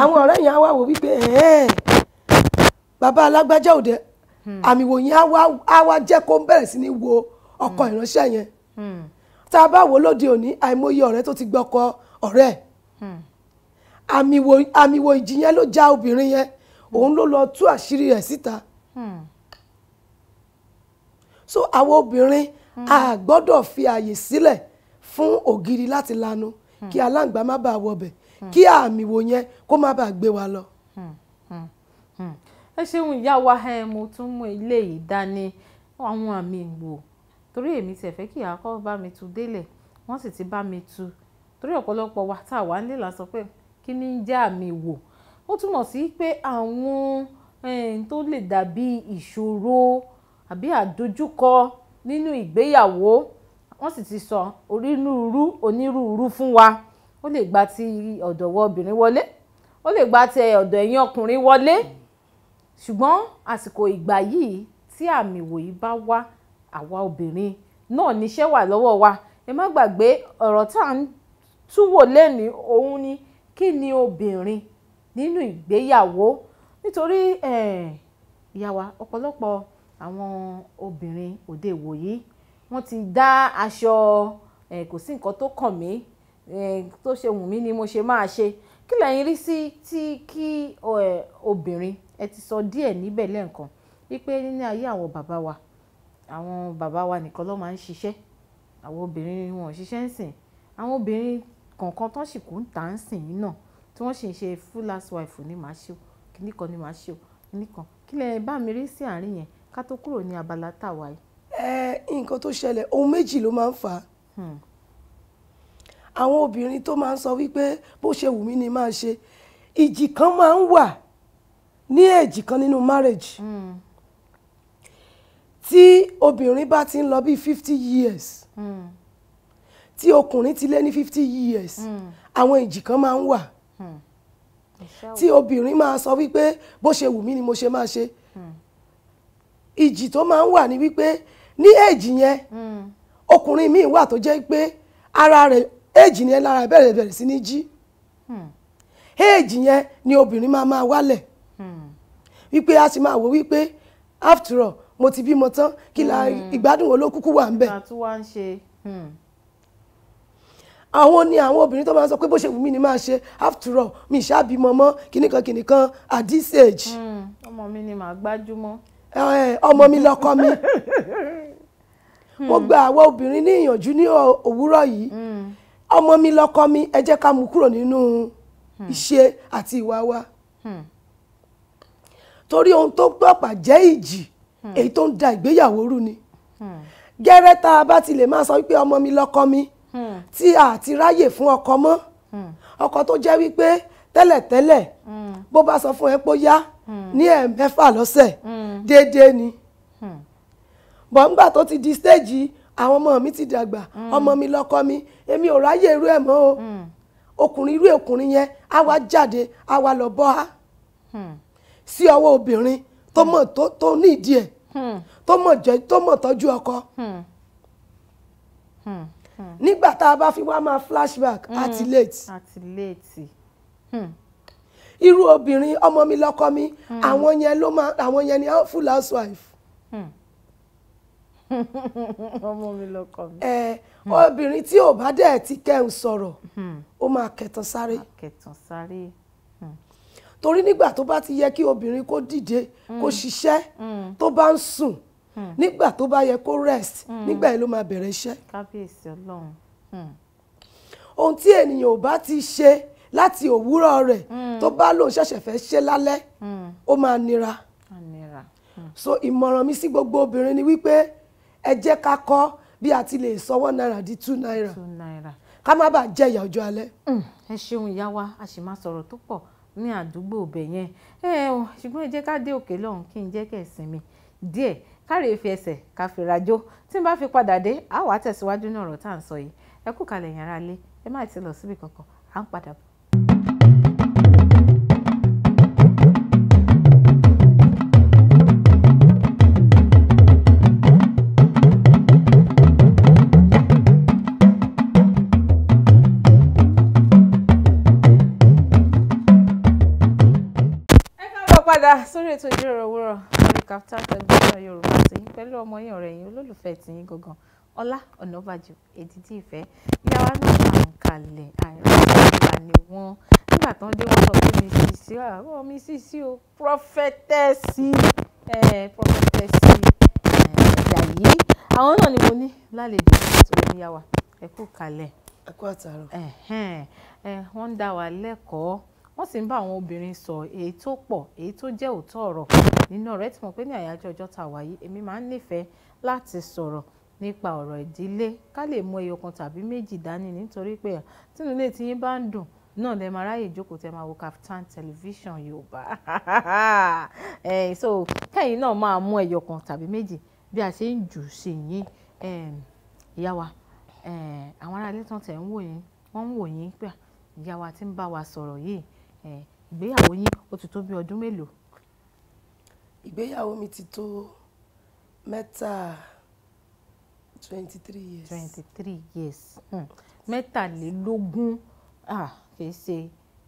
àwọn ọ̀rẹ́ yẹn á wá wò wípé bàbá alágbájá òde hmm. àmì wò yẹn á wá jẹ́ kó bẹ̀rẹ̀ sí ní wo ọkọ hmm. ìránṣẹ́ yẹn hmm. tá a bá wò lóde òní àìmọye ọ̀rẹ́ tó ti gbọ́kọ ọ̀rẹ́ àmì wò ìjì yẹn ló já obìnrin yẹn òun ló lọ tú àṣírí rẹ̀ síta hmm. so àwọn obìnrin a gbọ́dọ̀ fi àyè sílẹ̀ fún ògiri láti lanu hmm. kí aláǹgbá má bàa wọbẹ̀ hmm. kí àmì wò yẹn kó má bàa gbé wa lọ. ẹ ṣeun ìyá wa ẹ mo tún mú ilé yìí dání àwọn àmì wò torí èmi tiẹ̀ fẹ́ kí àkọ́ bá mi tu délẹ̀ wọ́n sì ti bá mi tu torí ọ̀pọ̀lọpọ̀ wa tá a wà nílé la sọ pé kí ni ń jẹ́ àmì wò ó túmọ̀ sí pé àwọn eh, tó lè dàbí ìṣòro àbí àdojúkọ nínú ìgbéyàwó wọ́n sì ti sọ onírúurú onírúurú fún wa ó lè gba ti ọ̀dọ̀wọ́ obìnrin wọlé ó lè gba ti ọ̀dọ̀ ẹ̀yìn ọkùnrin wọlé ṣùgbọ́n àsìkò ìgbà yìí tí àmì wòyí bá wá àwa obìnrin náà níṣẹ́ wà lọ́wọ́ wa ẹ má gbàgbé ọ̀rọ̀ tá à ń túwò lẹ́nìí òun ni kí ni obìnrin nínú ìgbéyàwó nítorí eh, ìyá wa ọ̀pọ̀lọpọ̀ àwọn obìnrin òde ìwòyí wọ́n ti dá aṣọ eh, kò sí nǹkan tó kàn mí eh, tó ṣe wù mí ni mo ṣe máa ṣe kí lẹ́yìn rí sí tí kí obìnrin ẹ ti sọ díẹ̀ níbẹ̀ lẹ́ẹ̀kan wípé nínú ayé àwọn bàbá wa àwọn bàbá wa nìkan ló máa ń ṣiṣẹ́ àwọn obìnrin wọn ò ṣiṣẹ́ ń sìn àwọn obìnrin kọ̀ọ̀kan tán sì kú ń tà ń sìn yín náà tí wọ́n sì ń ṣe full last wife ní màá ṣe o kìíní kan ní màá ṣe o kìíní kan kí lẹ bá mi rí sí àárín yẹn ká tó kúrò ní abala tàwa yìí. ẹ nǹkan tó ṣẹlẹ̀ ohun méjì ló máa ń fà á hmm. àwọn obìnrin tó máa ń sọ wípé bó ṣe wù mí ni máa ṣe ìjì kan máa ń wà ní èjì kan nínú marriage hmm. tí obìnrin bá ti ń lọ bí fifty years hmm. tí ọkùnrin ti lé ní fifty years àwọn ìjì kan máa ń wà. Hmm. tí obìnrin máa sọ wípé bó ṣe wù mí ni mo ṣe máa ṣe hmm. ìjì tó máa ń wà ní wípé ní èjì yẹn hmm. ọkùnrin míì wà tó jẹ́ pé ara rẹ̀ èjì yẹn lára bẹ̀rẹ̀ bẹ̀rẹ̀ sí ní jí èjì yẹn ni obìnrin máa máa wálẹ̀ wípé a sì máa wò wípé after all mo ti bímọ tán kí la ìgbádùn olókùkù wà ń bẹ̀ àwọn ni àwọn obìnrin tó máa ń sọ pé bó ṣe wù mí ni máa ṣe after all mi ṣáà bímọ mọ́ kìnnìkan kìnnìkan at this age. Hmm, ọmọ mi ni màá gbájúmọ́. ọmọ mi lọkọ mi mo gba àwọn obìnrin ní ìyànjú ní òwúrọ̀ yìí hmm. ọmọ mi lọkọ mi ẹ jẹ́ ká mú kúrò nínú hmm. ìṣe àti ìwà wa torí ohun tó gbọ́pà jẹ́ ìjì èyí tó ń da ìgbéyàwó rú ni gẹ́rẹ́ tá a bá ti lè máa sọ wípé ọmọ mi lọkọ mi Hmm. tí a ti ráyè fún ọkọ mọ́ hmm. ọkọ tó jẹ́ wípé tẹ́lẹ̀tẹ́lẹ̀ hmm. bó bá sọ fún ẹ pé ó yá ní ẹ̀ẹ̀mẹ́fà lọ́sẹ̀ déédéé ni bọ̀ ńgbà tó ti di stéèjì àwọn ọmọ mi ti dàgbà ọmọ mi lọ́kọ mi èmi ò ráyè irú ẹ̀ mọ́ o ọkùnrin irú ọkùnrin yẹn á wá jáde á wá lọ bọ́ á sí ọwọ́ obìnrin tó mọ̀ tó ní ìdí ẹ̀ tó mọ̀ tọ́jú ọkọ nígbà tá a bá fi wá máa flashback mm. àti late. àti late. Hmm. irú obìnrin ọmọ mi lọ́kọ mi hmm. àwọn yẹn ló máa àwọn yẹn ni full housewife. Hmm. ọmọ mi lọ́kọ mi. ẹ hmm. obìnrin tí ò bá dẹ̀ ti kẹ́hìn sọ̀rọ̀ ó máa kẹ̀tàn sáré. kẹ̀tàn sáré. torí nígbà tó bá ti yẹ kí obìnrin kó dìde kó ṣiṣẹ́ tó bá ń sùn. Hmm. nígbà tó bá yẹ kó rest hmm. nígbà yẹn ló máa bẹ̀rẹ̀ iṣẹ́. kábíyèsí ọlọ́run. Hmm. ohun tí ènìyàn ò bá ti ṣe láti òwúrọ̀ rẹ̀ tó bá lóun ṣẹ̀ṣẹ̀ fẹ́ ṣe lálẹ́ ó máa nira. so ìmọ̀ràn mi sí gbogbo obìnrin ni wípé ẹ jẹ́ ká kọ́ bí a ti lè sọwọ́ náírà di two naira ká má bàa jẹ ìyà ọjọ́ alẹ́. ẹ ṣeun ìyá wa a sì máa sọ̀rọ̀ tó pọ̀ ní àdúgbò ibẹ̀ yẹn ṣùgbọ́n ẹ jẹ́ ká dé òkè lọ́hùn kí n jẹ́ kẹ́ ẹ sinmi díẹ̀ káre efi ẹsẹ̀ ká fi rajó tí n fi padà dé a wàá tẹ̀síwájú ní ọ̀rọ̀ tá à ń sọ yìí ẹ kú kalẹ̀ ti lọ síbi kankan à ń padà bọ̀. padà ètò ìjíròrò òwúrọ̀ lórí Kaftan ìtàn yorùbá tòyìn pẹ̀lú ọmọ yín ọ̀rẹ́ yín olólùfẹ́ tìyín gangan ọlá ọ̀nàbàjò èdìdí ìfẹ́ ìyáwá náà máa ń kalẹ̀ àìrọ́pàá ni wọ́n nígbà tán dé wọ́n sọ pé mi sì sí ọ mi sì sí o prọfẹtẹsì prọfẹtẹsì Jàyí àwọn náà ni mo ní lálejò tó ń yá wa ẹ kú kalẹ̀ ẹ kú àtàrọ̀ wọ́n ń dá wa lẹ́kọ̀ọ́ wọ́n sì ń bá àwọn obìnrin sọ èyí tó pọ̀ èyí tó jẹ́ òótọ́ ọ̀rọ̀ nínú ọ̀rọ̀ ẹ ti mọ̀ pé ní àyájọ́ ọjọ́ tá a wáyé èmi máa ń nífẹ̀ẹ́ láti sọ̀rọ̀ nípa ọ̀rọ̀ ìdílé ká lè mú ẹyọ kan tàbí méjì dání nítorí pé tínú ilé tí yín bá ń dùn náà lè máa ráyè ìjókòó tẹ máa wo Kaftan television Yorùbá so kẹ́yìn náà máa mú ẹyọ kan tàbí méjì bí a ṣe ń jù sí yín ìyá wa àwọn aráalé tán tẹ̀ ń wò yín wọ́n ń wò yín pé ìyá wa ti ń bá wa sọ̀rọ̀ yìí ìgbéyàwó yín ó ti tó bí ọdún mélòó ìgbéyàwó mi ti tó mẹ́ta twenty three years. twenty three years hmm. mẹ́tàlélógún kìí ṣe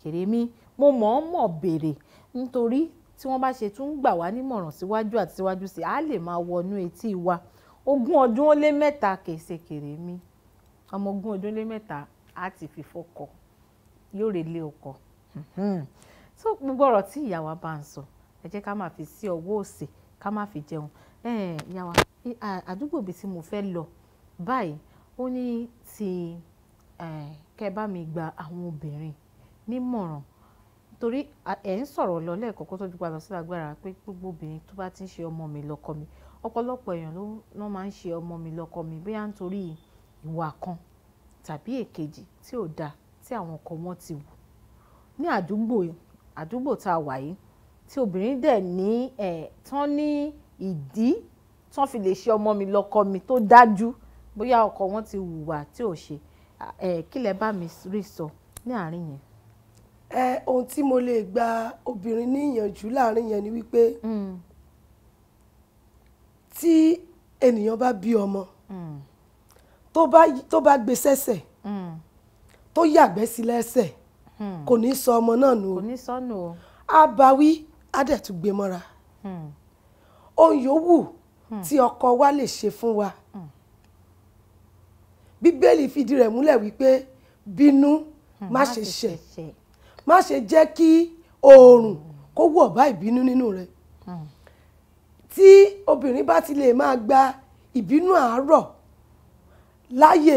kèrémí mo mọ̀ ọ́n mọ̀ béèrè nítorí tí wọ́n bá ṣe tún ń gbà wá nímọ̀ràn síwájú àti síwájú sí a lè máa wọnú etí wa ogún ọdún ó lé mẹ́ta kìí ṣe kèrémí ọmọ ogún ọdún ó lé mẹ́ta á ti fìfọ́ kọ yóò relé ọkọ tó hmm. gbogbo ọ̀rọ̀ tí ìyá bá ń sọ. So ẹ jẹ́ ká máa fi sí ọwọ́ òsì ká máa fi jẹun yàwá àdúgbò bíi tí mo fẹ́ lọ báyìí ó ní ti kẹ́ bá mi gba àwọn obìnrin nímọ̀ràn torí ẹ̀ ń sọ̀rọ̀ lọ lẹ́ẹ̀kọ́ kó tó padà sí agbára pé gbogbo obìnrin tó bá ti ń ṣe ọmọ mi lọ́kọ mi ọ̀pọ̀lọpọ̀ èèyàn ló máa ń ṣe ọmọ mi lọ́kọ mi bóyá nítorí ìwà kan tàbí èkejì tí ò dáa tí àwọn ọkọ wọn ti wù ní àdúgbò àdúgbò tá a wà yìí tí obìnrin dẹ̀ ní ẹ̀ tán ní ìdí tán fi lè ṣe ọmọ mi lọ́kọ mi tó dájú bóyá ọkọ wọn ti hùwà tí ò ṣe ẹ̀ kí bá mi rí sọ ní àárín yẹn. ẹ ohun tí mo lè gba obìnrin ní ìyànjú yẹn ni wípé hmm. tí ènìyàn bá bí ọmọ hmm. tó bá gbé sẹ́sẹ̀ hmm. tó yàgbẹ́ sí lẹ́sẹ̀ kò ní sọ ọmọ náà nù o àbáwí á dẹ̀ tún gbé mọ́ra hmm. ohun yòówù hmm. tí ọkọ wa lè ṣe fún wa hmm. bíbélì fìdí rẹ̀ múlẹ̀ wípé bínú má ṣe ṣẹ̀ má ṣe jẹ́ kí oòrùn kó wọ̀ bá ìbínú nínú rẹ̀ tí obìnrin bá ti lè máa gba ìbínú àárọ̀ láàyè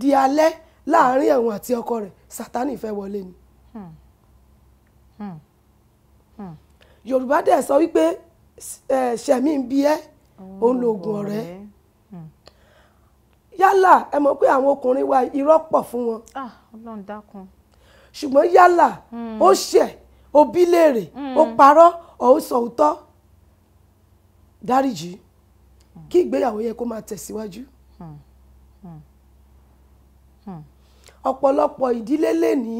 di alẹ́ láàárín ẹ̀wọ̀n àti ọkọ rẹ̀ sátánì fẹ́ wọlé ni. Hmm. Hmm yorùbá dẹ̀ sọ wípé ṣẹ̀mí ń bí ẹ́ òun lòògùn ọ̀rẹ́ yálà ẹ mọ̀ pé àwọn ọkùnrin wa irọ́ pọ̀ fún wọn ah, ṣùgbọ́n yálà ó hmm. ṣẹ̀ ó bí léèrè hmm. ó parọ́ ó sọ òótọ́ dáríjì hmm. kí ìgbéyàwó yẹ kó máa tẹ̀síwájú ọ̀pọ̀lọpọ̀ ìdílé lè ní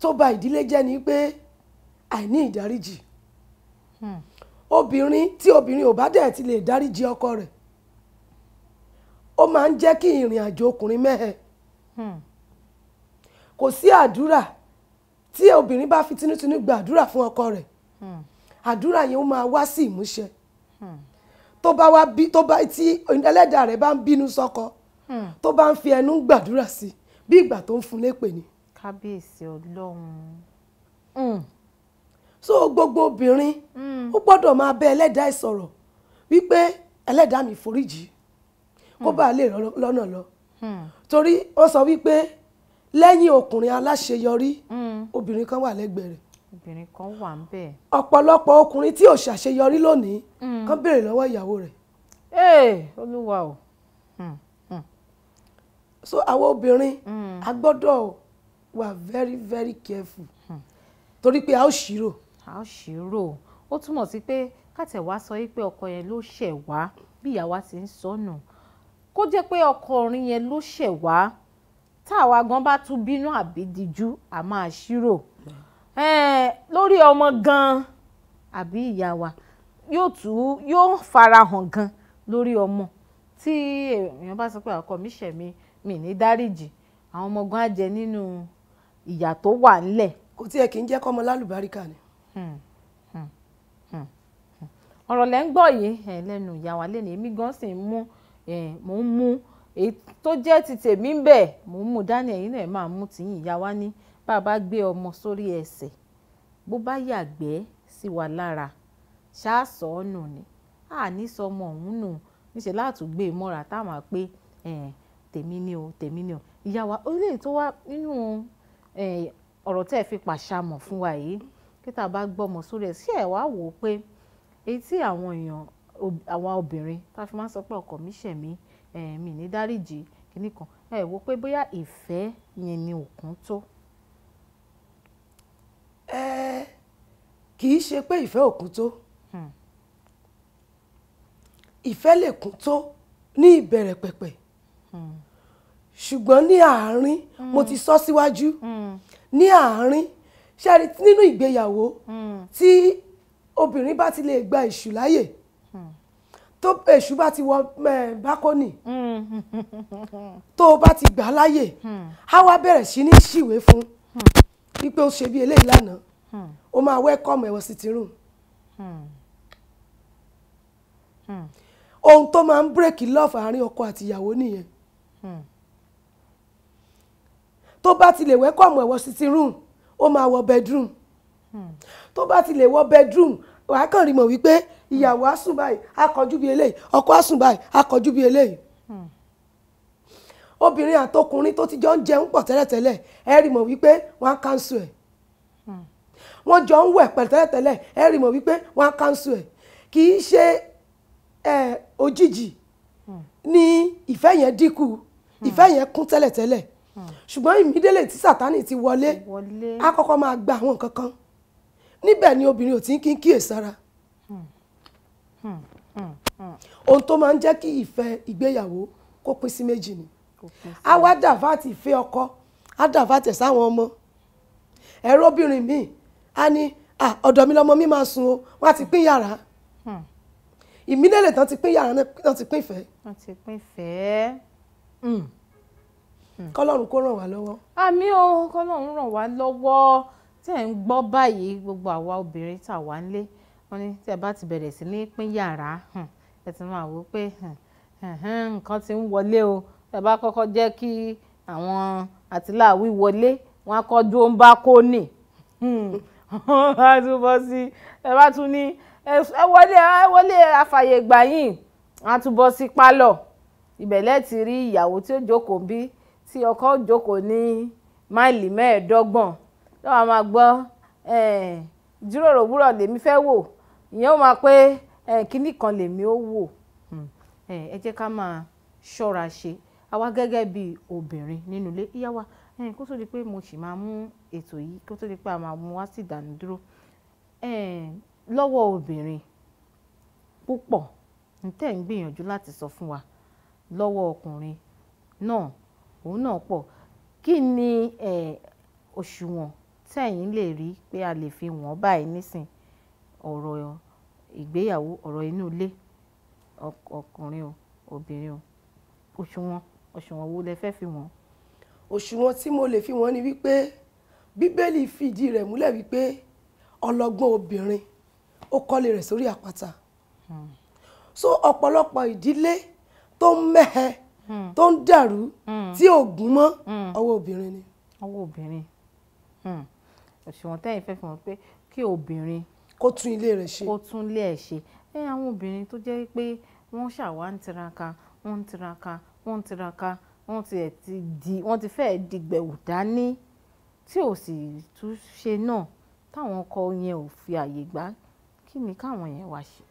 tó bà ìdílé jẹ́ ni pé àìní ìdáríjì hmm. obìnrin tí obìnrin ò bá dẹ̀ ti lè dáríjì ọkọ rẹ̀ ó máa ń jẹ́ kí ìrìn àjò ọkùnrin mẹ́hẹ̀ hmm. kò sí àdúrà tí obìnrin bá fi tinútinú gba àdúrà fún ọkọ rẹ̀ hmm. àdúrà yẹn ó máa wá sí ìmúṣẹ tó bá wá bí tó bá tí ẹlẹ́dàá rẹ̀ bá ń bínú sọ́kọ tó bá ń fi ẹnu gbàdúrà sí bí ìgbà tó ń fún lépè ni. kábíyèsí ọlọ́run so gbogbo obìnrin hmm. ó gbọ́dọ̀ máa bẹ ẹlẹ́dàá ìsọ̀rọ̀ wípé ẹlẹ́dàá mi foríjì kó hmm. bá lè lọ́nà lọ hmm. torí wọ́n sọ wípé lẹ́yìn ọkùnrin aláṣeyọrí obìnrin kan wà lẹ́gbẹ̀ẹ́ rẹ̀ obìnrin kan wà ń bẹ̀. ọ̀pọ̀lọpọ̀ ọkùnrin tí ò ṣàṣeyọrí lónìí kan béèrè lọ́wọ́ ìyàwó rẹ̀. olúwa o. so àwọn obìnrin a gbọ́dọ̀ wà very very careful torí pé a ó ṣírò a ó ṣírò ó túmọ̀ sí pé kàtẹ̀wá sọ pé ọkọ yẹn ló ṣẹ̀ wá bí ìyàwó ti ń sọnù kó jẹ́ pé ọkùnrin yẹn ló ṣẹ̀ wá tá àwa gan bá tún bínú àbí dijú a máa ṣírò lórí ọmọ gan àbí ìyá wa yóò tún yóò farahàn gan lórí ọmọ tí èèyàn bá sọ pé ọkọ mi ṣẹ̀ mi mi ní dáríjì àwọn ọmọ gan á jẹ nínú ìyà tó wà ńlẹ̀. kò tiẹ̀ kì í jẹ́ kọ́mọ lálùbáríkà ni ọ̀rọ̀ lẹ́ ń gbọ́ yìí lẹ́nu ìyá wa lẹ́nu èmi gan sì ń mú mò ń mú èyí tó jẹ́ ti tèmi ń bẹ̀ mò ń mú dání ẹ̀yin náà máa mú tìyìn ìyá wa ní bá a bá gbé ọmọ sórí ẹsẹ̀ bó bá yàgbẹ́ sí wa lára ṣáàsọ̀ ọ̀nà ni àní sọmọ òun nù níṣẹ́ látún gbé e mọ́ra táwọn á pé tèmi ni o tèmi ni o ìyá wa orílẹ̀ èdè tó wá nínú ọ̀rọ̀ tẹ́ ẹ fi pàṣàmọ̀ fún wa yìí pé tá a bá gbọ́mọ sórí ẹ̀ sí ẹ̀ wá wò ó pé èyí tí àwọn èèyàn àwọn obìnrin tá a fi máa ń sọ pé ọkọ mi ṣẹ̀mí mi ní dáríjì kìíní kan ẹ wò pé bóyá ìfẹ́ yẹn ni òkun tó. ẹ kì í ṣe pé ìfẹ́ òkun tó hmm. ìfẹ́ lè kún tó ní ìbẹ̀rẹ̀ pẹ̀pẹ̀ hmm. ṣùgbọ́n ní àárín mo hmm. ti sọ síwájú ní àárín ṣẹ́rí nínú ìgbéyàwó hmm. tí obìnrin bá ti lè gba èṣù láyè hmm. tó èṣù bá ti wọ eh, bákónì hmm. tó bá ti gbà láyè á wá bẹ̀rẹ̀ sí ní ṣìwé fún wípé ó ṣe bí eléyìí lánàá ó máa wẹ́kọ̀mù ẹ̀wọ̀ sí ti rùn ohun tó máa ń bírèkì lọ́ọ̀fù àárín ọkọ àti ìyàwó nìyẹn tó bá ti lè wẹ́kọ̀mù ẹ̀wọ̀ sí ti rùn ó máa wọ bedroom tó bá ti lè wọ bedroom wàá kàn rí mọ̀ wípé ìyàwó á sùn báyìí á kọjú bí eléyìí ọkọ á sùn báyìí á kọjú bí eléyìí obìnrin àtọkùnrin tó ti jọ ń jẹun pọ̀ tẹ́lẹ̀tẹ́lẹ̀ ẹ rí mọ̀ wípé wọ́n á kánṣu ẹ̀ wọ́n jọ ń wẹ̀ pẹ̀lú tẹ́lẹ̀tẹ́lẹ̀ ẹ rí mọ̀ wípé wọ́n á kánṣu ẹ̀ kì í ṣe òjijì ní ìfẹ́ yẹn dínkù ìfẹ́ yẹn kún tẹ́lẹ̀tẹ́lẹ̀ ṣùgbọ́n ìmídélé tí sátánì ti wọlé a kọ́kọ́ máa gba àwọn nǹkan kan níbẹ̀ ni obìnrin ò ti ń kí ń kíyèsára hmm. hmm. hmm. ohun tó máa ń jẹ́ kí ìfẹ́ ìgbéyàwó kó pín sí méjì ni a wá dàvátì ìfẹ́ ọkọ a dàvátì sáwọn ọmọ ẹ̀rọ obìnrin mi a ní ọ̀dọ̀ mi lọmọ mi máa sùn o wọ́n á ti pín yàrá ìmílẹ̀lẹ̀ tán ti pín yàrá náà ti ti pín ìfẹ́. Hmm. kọ́lọ́run kó ràn wá lọ́wọ́. àmì o kọ́lọ́run ràn wá lọ́wọ́ tẹ̀ ń gbọ́ báyìí gbogbo àwa obìnrin tà wá nílé wọn ni tẹ̀ bá ti bẹ̀rẹ̀ sí ní pín yàrá hmm, ẹ ti máa wò ó pé hmm, nǹkan ti ń wọlé o tẹ̀ bá kọ́kọ́ jẹ́ kí àwọn àtìláàwí wọlé wọn á kọ́ dúró ń bá kó nì wọ́n á tún bọ́ sí ẹ bá tún ní ẹ wọlé ẹ wọlé àfàyè gbà yín tún bọ́ sí pálọ̀ ìbẹ̀lẹ̀ ti rí ìyàwó tí ó jókòó bí tí ọkọ jókòó ní máìlì mẹ́ẹ̀ẹ́dọ́gbọ̀n lọ́wọ́ máa gbọ́ jíròrò òwúrọ̀ lèmi fẹ́ wò ìyẹn ó máa pé kínní kan lèmi ó wò hmm. ẹ jẹ́ ká máa ṣọ́ra ṣe àwa gẹ́gẹ́ bí obìnrin nínú ilé ìyá wa kó tó di pé mo sì máa mú ètò yìí kó tó di pé a máa mú wá sí ìdánidúró lọ́wọ́ obìnrin púpọ̀ ntẹ́ ń gbìyànjú láti sọ fún wa lọ́wọ́ ọkùnrin náà òun náà pọ̀ kí ni òṣùwọ̀n tẹ̀yin lè rí pé a lè fi wọ́n báyìí nísìn ọ̀rọ̀ ìgbéyàwó ọ̀rọ̀ inú ilé ọkùnrin o obìnrin o òṣùwọ̀n òṣùwọ̀n wo lẹ fẹ́ fi wọ́n. òṣùwọ̀n tí mo lè fi wọ́n ni wípé bíbélì fìdí rẹ̀ múlẹ̀ wípé ọlọ́gbọ́n obìnrin ó kọ́lé rẹ̀ sórí àpáta hmm. so ọ̀pọ̀lọpọ̀ ìdílé tó ń mẹ́hẹ̀ẹ́ tó ń dàrú hmm. tí ò gún mọ́ hmm. ọwọ́ obìnrin ni. ọwọ́ obìnrin hmm. òṣùwọ̀n tẹ́yìn fẹ́ fún wọn pé kí obìnrin. kó tún ilé rẹ̀ ṣe. kó tún ilé ẹ̀ ṣe ẹ àwọn obìnrin tó jẹ́ pé wọ́n ṣàwá ń tiraka wọ́n ń tiraka wọ́n ń tiraka wọ́n ti ẹ̀ ti di wọ́n ti fẹ́ẹ̀ di gbẹ̀wò dání tí ò sì tún ṣe náà táwọn ọkọ yẹn ò fi àyè gbà kí ni káwọn yẹn wá ṣe.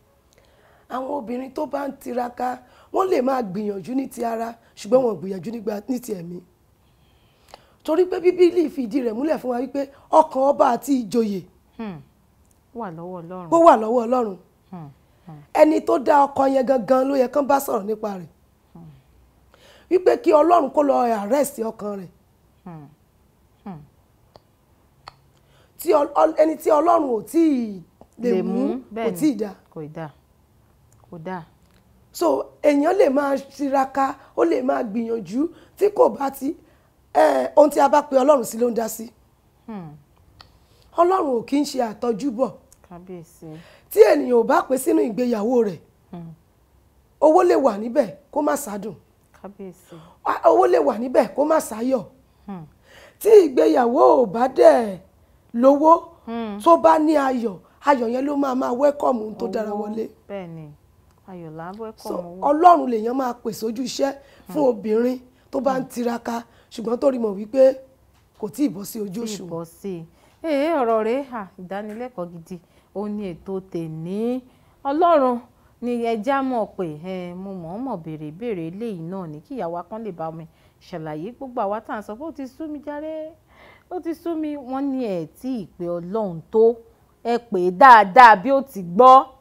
àwọn obìnrin tó bá ń tiraka wọ́n lè máa gbìyànjú ní ti ara ṣùgbọ́n wọn gbìyànjú ní ti ẹ̀mí torí pé bíbélì fìdí rẹ̀ múlẹ̀ fún wa wípé ọkàn ọba àti ìjòyè hmm. wà lọ́wọ́ ọlọ́run ó wà lọ́wọ́ ọlọ́run hmm. Hmm. ẹni tó dá ọkọ yẹn gangan ló yẹ kán bá sọ̀rọ̀ nípa rẹ̀ wípé kí ọlọ́run kó lọ àrẹ́sì ọkàn rẹ̀ ẹni tí ọlọ́run ò tí ì lè mú kò tí ì dá so èèyàn lè máa tiraka ó lè máa gbìyànjú tí kò bá ti ohun tí a bá pe ọlọ́run sí ló ń dá sí hmm. ọlọ́run ò kí ń ṣe àtọ́júbọ̀ tí ènìyàn ò bá pè sínú ìgbéyàwó rẹ̀ hmm. owó lè wà níbẹ̀ kó má sádùn owó lè wà níbẹ̀ kó má sáyọ̀ hmm. tí ìgbéyàwó ò bá dẹ̀ lówó tó bá ní ayọ̀ ayọ̀ yẹn ló máa máa wẹ́kọ̀mù tó dára wọlé ayọ̀lá wẹ́kọ̀ mọ́ wọn. ọlọ́run lèèyàn máa pèsè ojú iṣẹ́ fún hmm. obìnrin tó bá ń hmm. tiraka ṣùgbọ́n tó rí mọ̀ wípé kò tí ì bọ́ sí ojú òṣùwọ̀n. ìbọ̀ sí i ee ọ̀rọ̀ rẹ̀ hà ìdánilẹ́kọ̀ọ́ gidi ó ní ètò tèmí ọlọ́run ni ẹja mọ̀ pé mo mọ̀ ọ́n mọ̀ béèrè béèrè eléyìí náà ní kíyàwó akán lè bá mi ṣàlàyé gbogbo àwa tá à ń sọ pé ó ti sú mi jàre ó ti sú mi wọ́n ní ẹ̀ tí ìpè ọlọ́run tó ẹ pè é dáadáa bí ó ti gbọ́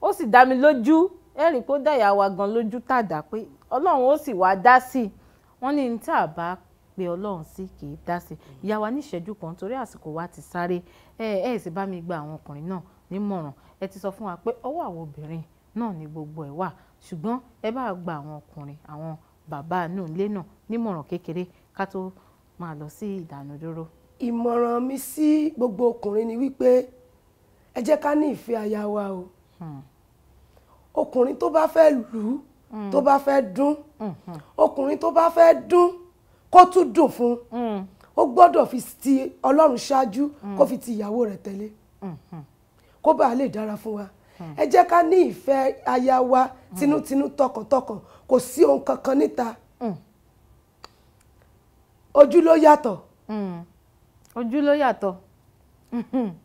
ó sì dá mi lójú ẹ̀rí pé ó dá ìyá wa gan lójú tàdá pé ọlọ́run ó sì wá dá sí i wọ́n ní ní tá a bá pé ọlọ́run sí kì í dá sí i ìyá wa ní ìṣẹ́jú kan torí àsìkò wa ti sáré ẹ ẹ sì bá mi gba àwọn ọkùnrin náà nímọ̀ràn ẹ ti sọ fún wa pé ọwọ́ àwọn obìnrin náà ni gbogbo ẹ̀ wà ṣùgbọ́n ẹ bá gba àwọn ọkùnrin àwọn bàbá inú ilé náà nímọ̀ràn kékeré ká tó máa lọ sí ìdánudúró. ìmọ̀ràn mi sí gbogbo ọkùnrin ni wípé ẹ jẹ́ ká ní ìfẹ́ aya wa o ọkùnrin tó bá fẹ́ lù ú tó bá fẹ́ dún ọkùnrin tó bá fẹ́ dún kó tún dùn fún un ó gbọ́dọ̀ fi ti ọlọ́run ṣáájú kó fi ti ìyàwó rẹ̀ tẹ̀lé kó bàa lè dára fún wa ẹ jẹ́ ká ní ìfẹ́ aya wa tinútinú tọkàntọkàn kò sí ohun kankan níta ojú ló yàtọ̀. ojú ló yàtọ̀.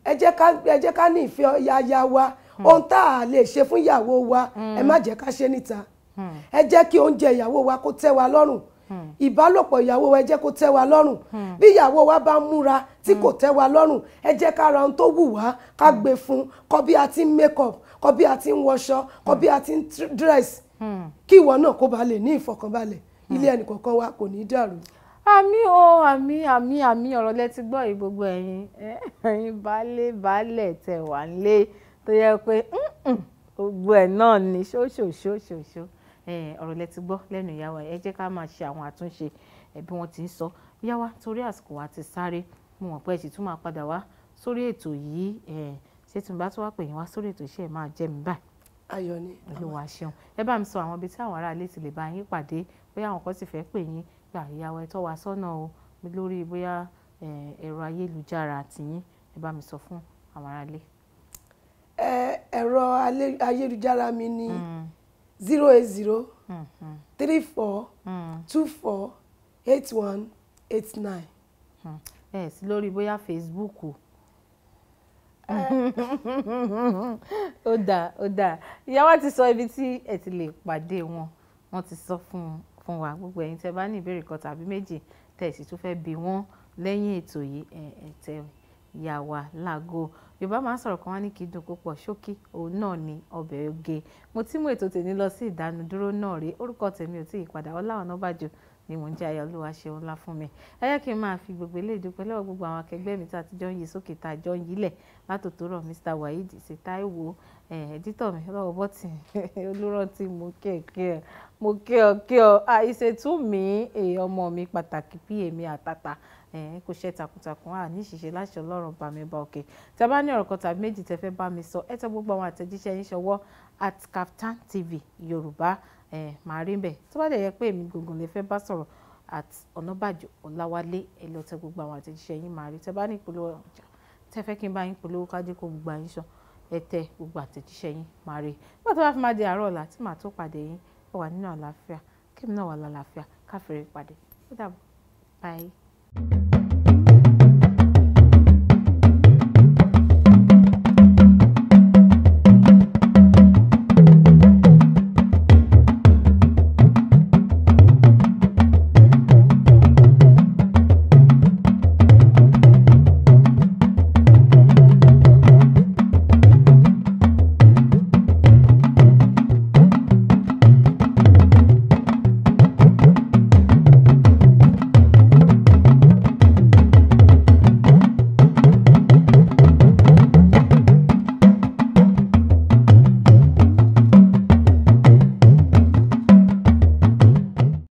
ẹ jẹ́ ká ní ìfẹ́ aya wa Hmm. ohun tá a lè ṣe fún ìyàwó wa ẹ má hmm. jẹ́ ká ṣe níta hmm. ẹ jẹ́ kí oúnjẹ ìyàwó wa kó tẹ́ wa lọ́rùn ìbálòpọ̀ ìyàwó wa ẹ jẹ́ kó tẹ́ wa lọ́rùn bí ìyàwó wa bá múra tí kò tẹ́ wa lọ́rùn ẹ jẹ́ ká ra ohun tó wù wá ká gbé fún kọ́ bí a ti ń make up kọ́ bí a ti ń wọṣọ kọ́ bí a ti ń dress kí ìwọ náà kó ba lè ní ìfọ̀kànbalẹ̀ ilé ẹnìkọ̀ọ̀kan wa kò ní dàrú àmì o àmì àmì àmì ọ̀rọ̀ lẹ ti gbọ́ yìí gbogbo ẹ̀yin ẹ̀yin baálé baálẹ̀ tẹ̀ wá ń lé tó yẹ pé gbogbo ẹ̀ náà ni ṣóṣòṣòṣòṣò ọ̀rọ̀ lẹ ti gbọ́ lẹ́nu ìyá wa ẹ jẹ́ ká máa ṣe àwọn àtúnṣe bí wọ́n ti ń sọ ìyá wa torí àsìkò wa ti sáré mo mọ̀ pé ẹ sì tún máa padà wá sórí ètò yìí ṣé tí mo bá tún wá pè yín wá sórí ètò iṣẹ́ ẹ̀ máa jẹ́ mi báyìí. ayọ̀ ni olúwa ṣeun ẹ bá mi sọ àwọn ibi tí àwọn aráalé ti lè bá yín pàdé bóyá àwọn kan sì fẹ́ pè yín gbà ìyá ẹ tọ́ wa sọ́nà o lórí bóyá ẹ̀rọ ayélujára tiyín ẹ bá mi sọ fún àwọn aráalé ẹ̀rọ ayélujára mi ni hmm. zero eight zero hmm. three four hmm. two four eight one eight nine. ẹ sí lórí bóyá Facebook ó dáa ó dáa ìyá wa ti sọ ibi tí ẹ ti lè pàdé wọn wọn ti sọ fún fún wa gbogbo ẹ̀yin tẹ́ bá ní ìbéèrè kan tàbí méjì tẹ́ sì tún fẹ́ bi wọ́n lẹ́yìn ètò yìí ẹ ẹ tẹ ìyá wa láago yorùbá máa ń sọ̀rọ̀ kan wá ní kí n dùn kó pọ̀ ṣókí òun náà ni ọbẹ̀ oge mo ti mú ètò tèmi lọ sí ìdánudúró náà rèé orúkọ tèmi ò tí ì padà Ọlá Ọ̀nàbàjọ ni mò ń jẹ́ aya olúwa ṣeun ńlá fún mi ẹ jẹ́ kí n máa fi gbogbo ilé ìdúpẹ́ lọ́wọ́ gbogbo àwọn akẹgbẹ́ mi tá a ti jọ ń yí sókè tá a jọ ń yílẹ̀ látòtòrọ̀ Mr Waheed sí Táíwò ẹ̀ẹ́dítọ̀ mi lọ́wọ́ bọ́tì olúrántí mo kẹ̀kẹ́ ẹ̀ mo kẹ́ ọ kẹ́ ọ àìṣètú mi ọmọ mi pàtàkì pí èmi àtàtà ẹ̀ẹ́n eh, kò ṣe takuntakun à ní ṣiṣẹ́ láṣẹ ọlọ́run bá mi bá òkè tí a bá ní ọ̀rọ̀ kan tàbí méjì tẹ́ fẹ́ bá mi sọ ẹ tẹ gbogbo àwọn àtẹ̀jíṣẹ́ yín ṣọwọ́ at Captain TV Yorùbá ẹ̀ẹ́n eh, màá rí bẹ̀ tó bá dẹ̀ yẹ pé èmi gbòǹgàn lè fẹ́ bá sọ̀rọ̀ at Ọ̀nàbàjò Ọláwálé ẹ lọ tẹ gbogbo àwọn àtẹ̀jíṣẹ́ yín màá rí tẹ bá ní ìpolówó ọjà tẹ fẹ́ kí n bá yín polówó kájí kó gbogbo àyín sọ ẹ tẹ gbogbo àtẹ̀jíṣẹ́ yín màá rí bá tó bá fi máa di àárọ̀ ọ̀la tí màá tó pàdé yín ẹ wà nínú àlàáfíà kí èmi náà wà lálàáfíà káfíńrẹ́ pàdé ó dàbọ̀ báyìí. you.